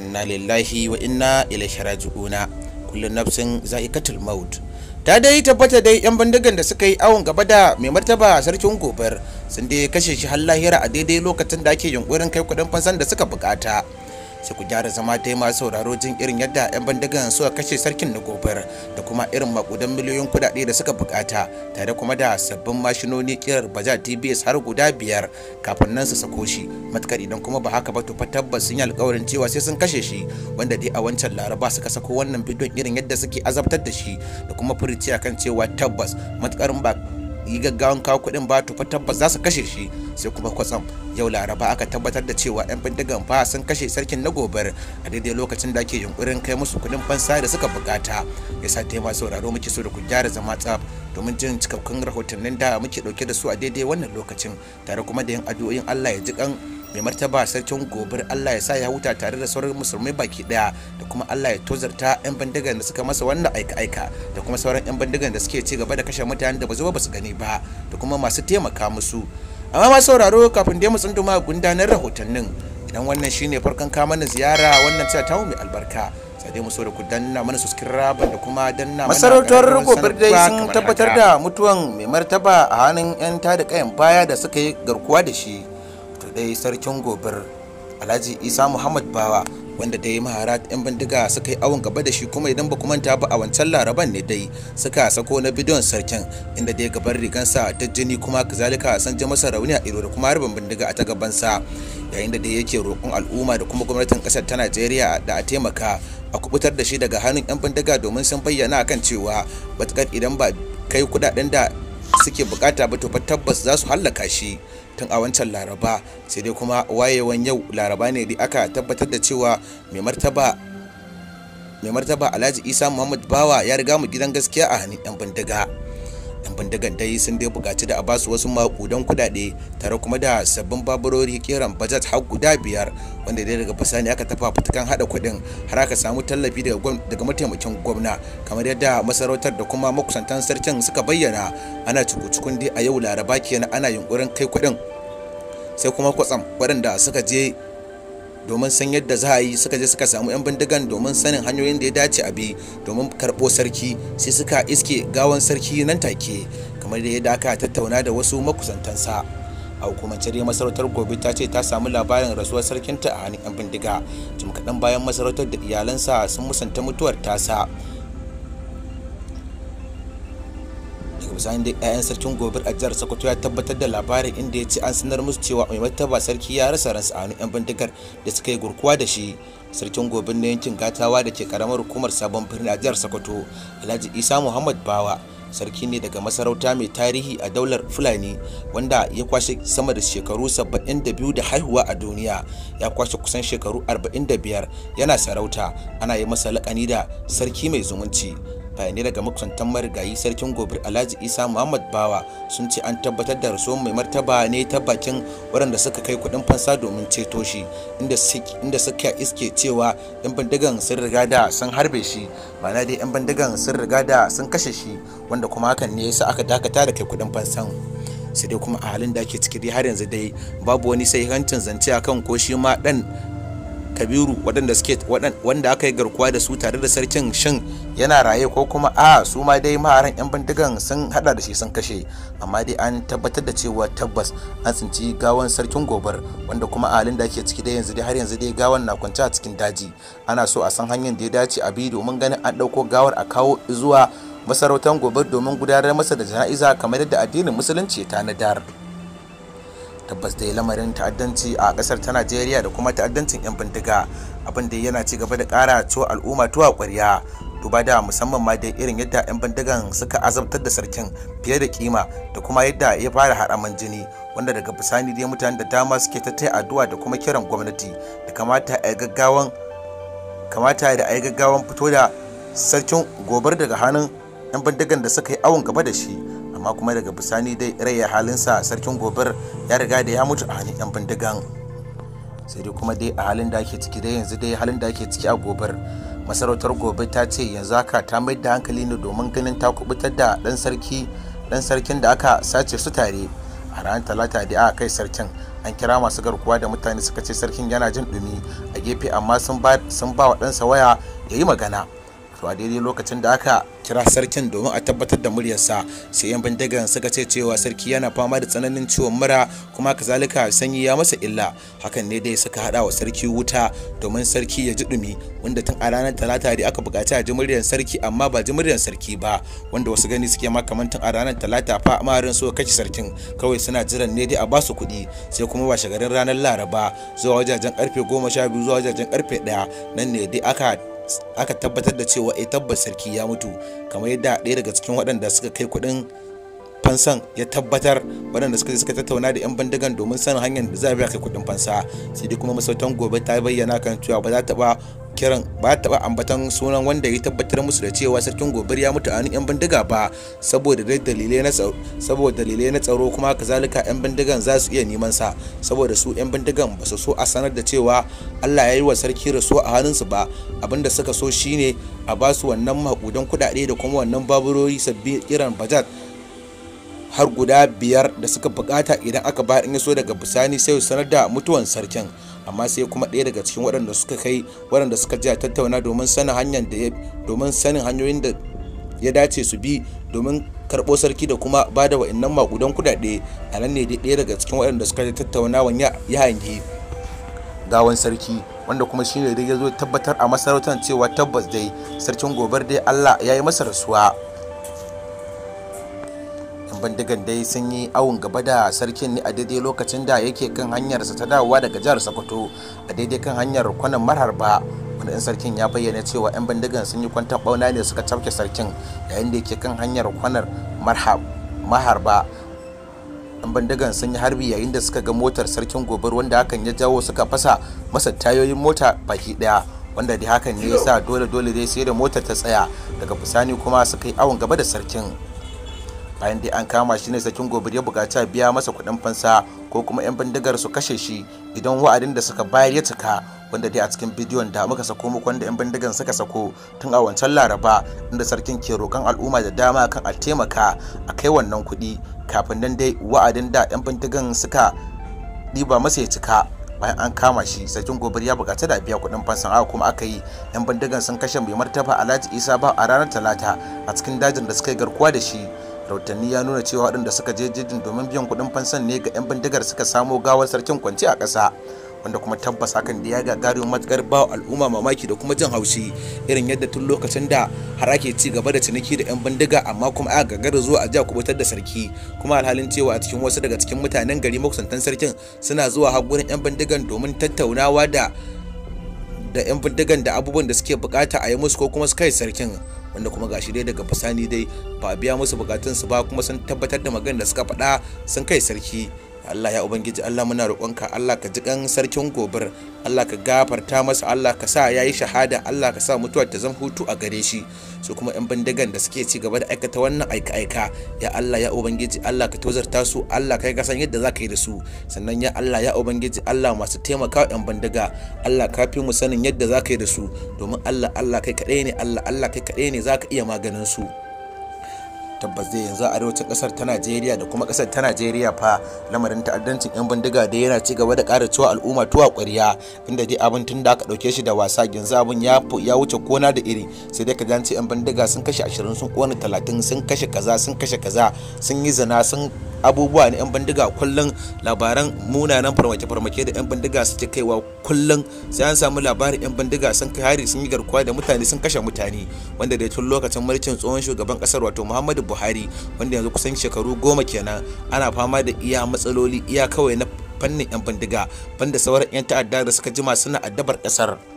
inna lillahi wa inna ilaihi raji'una kullun nafsin za'iqatul maut ta dai tabbata dai yan bindigan da suka yi awon gaba da mai martaba sarkin gobar sun dai kashe shi har lahira a daidai lokacin da ake yunkurin kai kudin fansan da suka bukata sai ku gyara zama dai masu sauraro jin irin yadda 'yan bandagan suka kashe sarkin na gobar da kuma irin makudan miliyoyin kudade da suka bukata tare kuma da sabbin mashinoni kirar baza tbs har guda biyar kafin nan su sako shi matukar idan kuma ba haka ba to fa tabbas sun yi alkawarin cewa sai sun kashe shi wanda dai a wancan laraba suka sako wannan bidiyon irin yadda suke azabtar da shi da kuma furuciya akan cewa tabbas matukar ba yi gaggawan kawo kuɗin ba to fa tabbas za su kashe shi sai kuma kwatsam yau laraba aka tabbatar da cewa 'yan bindigan fa sun kashe sarkin na gobar a daidai lokacin da ake yunkurin kai musu kuɗin fansa da suka bukata yasa ta masu sauraro muke so da ku gyara zama tsaf domin jin cikakkun rahotannin da muke ɗauke da su a daidai wannan lokacin tare kuma da yin addu'o'in Allah ya ji kan mai martaba sarkin gobir allah ya sa ya huta tare da sauran musulmai baki daya da kuma allah ya tozarta yan bindigan da suka masa wannan aika-aika da kuma sauran yan bindigan da suke ci gaba da kashe mutane da ba zuba ba su gani ba da kuma masu taimaka musu amma ma sauraro kafin da mu tsunduma gundanar rahotannin idan wannan shine farkon kama na ziyara wannan cewa ta mai albarka sai mu so da ku danna mana subscribe da kuma danna mana masarautar gobir dai sun tabbatar da mutuwan mai martaba a hannun yan tada kayan baya da suka yi garkuwa da shi dai sarkin gobir alhaji isa muhammad bawa wanda dai mahara 'yan bindiga suka yi awon gaba da shi kuma idan ba manta ba a wancan laraban ne dai suka sako na bidiyon sarkin inda dai gaban rigansa ta jini kuma kazalika san ji masa rauni a iro da kuma harbin bindiga a ta sa yayin da dai yake roƙon al'umma da kuma gwamnatin ƙasar ta najeriya da a taimaka a kubutar da shi daga hannun 'yan bindiga domin sun bayyana akan cewa matukar idan ba kai kudaden da suke bukata ba to tabbas za su hallaka shi tun a wancan laraba sai dai kuma wayewan yau laraba ne da aka tabbatar da cewa mai martaba mai martaba alhaji isa muhammad bawa ya riga mu gidan gaskiya a hannun yan bindiga bindigan sun dai bukaci da a basu wasu makudan kudade tare kuma da sabbin baburori kiran budget har guda biyar wanda dai daga bisani aka tafa fitukan hada kudin har aka samu tallafi daga mataimakin gwamna kamar yadda masarautar da kuma makusantan sarkin suka bayyana ana cuku-cukun dai a yau laraba kenan ana yunkurin kai kudin sai kuma kwatsam waɗanda suka je domin san yadda za a yi suka je suka samu 'yan bindigan domin sanin hanyoyin da ya dace a bi domin karɓo sarki sai suka iske gawan sarki nan take kamar da yadda aka tattauna da wasu makusantansa a hukumance dai masarautar gobe ta ce ta samu labarin rasuwar sarkinta a hannun 'yan bindiga jim kaɗan bayan masarautar da iyalansa sun musanta mutuwar tasa bisani da 'ya'yan sarkin gobir a jihar sokoto ya tabbatar da labarin inda ya ce an sanar musu cewa mai martaba sarki ya rasa ransa a 'yan bindigar da suka yi gurkuwa da shi sarkin gobir na yankin gatawa da ke karamar hukumar sabon birni a jihar sokoto alhaji isa muhammad bawa sarki ne daga masarauta mai tarihi a daular fulani wanda ya kwashe sama da shekaru 72 da haihuwa a duniya ya kwashe kusan shekaru 45 yana sarauta ana yi masa lakani da sarki mai zumunci bayanai daga makusantan marigayi sarkin gobir alhaji isa muhammad bawa sun ce an tabbatar da rasuwar mai martaba ne ta bakin waɗanda suka kai kuɗin fansa domin ceto shi inda suka iske cewa yan bindigan sun riga da sun harbe shi ma'ana dai yan bindigan sun riga da sun kashe shi wanda kuma hakan ne yasa aka dakata da kai kuɗin fansan sai dai kuma a halin da ake ciki dai har yanzu dai babu wani sai hancin zance akan ko shi ma ɗan kabiru waɗanda suke wanda aka yi garkuwa da su tare da sarkin shin yana raye ko kuma a su ma dai maharan yan bindigan sun hada da shi sun kashe amma dai an tabbatar da cewa tabbas an tsinci gawan sarkin gobar wanda kuma a halin da ake ciki da yanzu dai har yanzu dai gawan na kwance a cikin daji ana so a san hanyar da ya dace a bi domin ganin an ɗauko gawar a kawo zuwa masarautar gobe domin gudanar masa da jana'iza kamar yadda addinin musulunci ya dar. tabbas da lamarin ta'addanci a kasar ta najeriya da kuma ta'addancin 'yan bindiga abin da yana ci gaba da kara cewa al'umma tuwa kwarya duba da musamman ma da irin yadda 'yan bindigan suka azabtar da sarkin fiye da kima da kuma yadda ya fara haraman jini wanda daga bisani dai mutane da dama suke ta taya addu'a da kuma kiran gwamnati da kamata a gaggawan kamata da a gaggawan fito da sarkin gobar daga hannun 'yan bindigan da suka yi awon gaba da shi amma kuma daga bisani dai raya halinsa sarkin gobir ya riga da ya mutu a hannun 'yan bindigan sai dai kuma dai a halin da ake ciki dai yanzu dai halin da ake ciki a gobar masarautar gobe ta ce yanzu haka ta mai da hankali ne domin ganin ta kubutar da dan sarki dan sarkin da aka sace su tare a ranar talata da aka kai sarkin an kira masu garkuwa da mutane suka ce sarkin yana jin dumi a gefe amma sun ba wa ɗansa waya ya yi magana to a daidai lokacin da aka kira sarkin domin a tabbatar da muryarsa sai yan bindigan suka ce cewa sarki yana fama da tsananin ciwon mura kuma kazalika sanyi ya masa illa hakan ne dai suka hada wa sarki wuta domin sarki ya ji dumi wanda tun a ranar talata dai aka bukaci a ji muryar sarki amma ba ji muryar sarki ba wanda wasu gani suke ma kamar tun a ranar talata fa amarin so kashe sarkin kawai suna jiran ne dai a basu kuɗi sai kuma washe garin ranar laraba zuwa wajajen karfe goma sha biyu zuwa wajajen karfe ɗaya nan ne dai aka aka tabbatar da cewa eh tabbas sarki ya mutu kamar yadda ɗaya daga cikin waɗanda suka kai kuɗin fansan ya tabbatar waɗanda suka suka tattauna da 'yan bandigan domin sanin hanyar da za a biya kai kuɗin fansa sai dai kuma masautan gobe ta bayyana kan cewa ba za ta ba kiran ba taɓa ambatan sunan wanda ya tabbatar musu da cewa sarkin gobir ya mutu a 'yan bindiga ba saboda dai dalilai na tsaro saboda dalilai na tsaro kuma kazalika 'yan bindigan za su iya neman sa saboda su 'yan bindigan ba su so a sanar da cewa Allah ya yi wa sarki rasu a su ba abinda suka so shine a ba su wannan makudan kuɗaɗe da kuma wannan baburori sabbi kiran bajat har guda biyar da suka bukata idan aka bayar in so daga bisani sai sanar da mutuwan sarkin amma sai kuma ɗaya daga cikin waɗanda suka kai waɗanda suka ji a tattauna domin sanin hanyar da domin sanin hanyoyin da ya dace su bi domin karɓo sarki da kuma ba da wa'annan maƙudan kuɗaɗe a nan ne ɗaya daga cikin waɗanda suka ji tattaunawan ya hangi gawan sarki wanda kuma shine dai ya zo tabbatar a masarautar cewa tabbas dai sarkin gobar dai allah ya yi masa rasuwa 'yan bindigan dai sun yi awon gaba da sarkin ne a daidai lokacin da yake kan hanyarsa ta dawowa daga jihar sokoto a daidai kan hanyar kwanan mararba wanda in sarkin ya bayyana cewa 'yan bindigan sun yi kwantar bauna ne suka tafke sarkin yayin da yake kan hanyar kwanar maharba yan bindigan sun yi harbi yayin da suka ga motar sarkin gobir wanda hakan ya jawo suka fasa masa tayoyin mota baki daya wanda da hakan ne ya sa dole dole dai sai da motar ta tsaya daga bisani kuma suka yi awon gaba da sarkin bayan dai an kama shi ne sakin gobir ya bukaci biya masa kuɗin fansa ko kuma 'yan bindigar su kashe shi idan wa'adin da suka bayar ya cika wanda dai a cikin bidiyon da muka sako muku wanda 'yan bindigan suka sako tun a wancan laraba inda sarkin ke roƙon al'umma da dama kan a taimaka a kai wannan kuɗi kafin nan dai wa'adin da 'yan bindigan suka ɗiba masa ya cika bayan an kama shi sarkin gobir ya bukaci da biya kuɗin fansa aka kuma aka yi yan bindigan sun kashe mai martaba alhaji isa ba a ranar talata a cikin dajin da suka yi garkuwa da shi rahotanni ya nuna cewa waɗanda suka je jejin domin biyan kuɗin fansan ne ga 'yan bindigar suka samo gawar sarkin kwanci a ƙasa wanda kuma tabbas hakan da ya gagarin matukar ba al'umma mamaki da kuma jin haushi irin yadda tun lokacin da har ake ci gaba da ciniki da 'yan bindiga amma kuma aka gagara zuwa a ja kubutar da sarki kuma alhalin cewa a cikin wasu daga cikin mutanen gari makusantan sarkin suna zuwa har gurin 'yan bindigan domin tattaunawa da da 'yan bindigan da abubuwan da suke bukata a yi musu ko kuma su kai sarkin wanda kuma gashi dai daga bisani dai ba a biya musu bukatunsu ba kuma sun tabbatar da magana da suka faɗa sun kai sarki Allah ya ubangiji Allah muna roƙonka Allah ka ji kan sarkin gobar Allah ka gafarta masa Allah ka sa ya yi shahada Allah ka sa mutuwar ta zama hutu a gare shi su kuma yan bindigan da suke ci gaba da aikata wannan aika aika ya Allah ya ubangiji Allah ka tozarta su Allah ka san yadda za ka yi da su sannan ya Allah ya ubangiji Allah masu taimaka yan bindiga Allah ka fi mu sanin yadda za ka yi da su domin Allah Allah kai kaɗai ne Allah Allah kai kaɗai ne za ka iya maganin su tabbas zai yanzu arewacin kasar ta najeriya da kuma kasar ta najeriya fa lamarin ta'addancin yan bindiga da yana ci gaba da ƙara cewa al'umma tuwa ƙwarya inda dai abin tun da aka dauke shi da wasa yanzu abin ya wuce kona da iri sai dai ka yan bindiga sun kashe ashirin sun kona talatin sun kashe kaza sun kashe kaza sun yi zina sun abubuwa na 'yan bindiga kullum labaran munanan farmake-farmake da 'yan bindiga suke kaiwa kullum sai an samu labarin 'yan bindiga sun kai hari sun yi garkuwa da mutane sun kashe mutane wanda da tun lokacin mulkin tsohon shugaban kasar wato muhammadu buhari wanda yanzu kusan shekaru goma kenan ana fama da iya matsaloli iya kawai na fannin 'yan bindiga banda sauran 'yan ta'adda da suka jima suna addabar kasar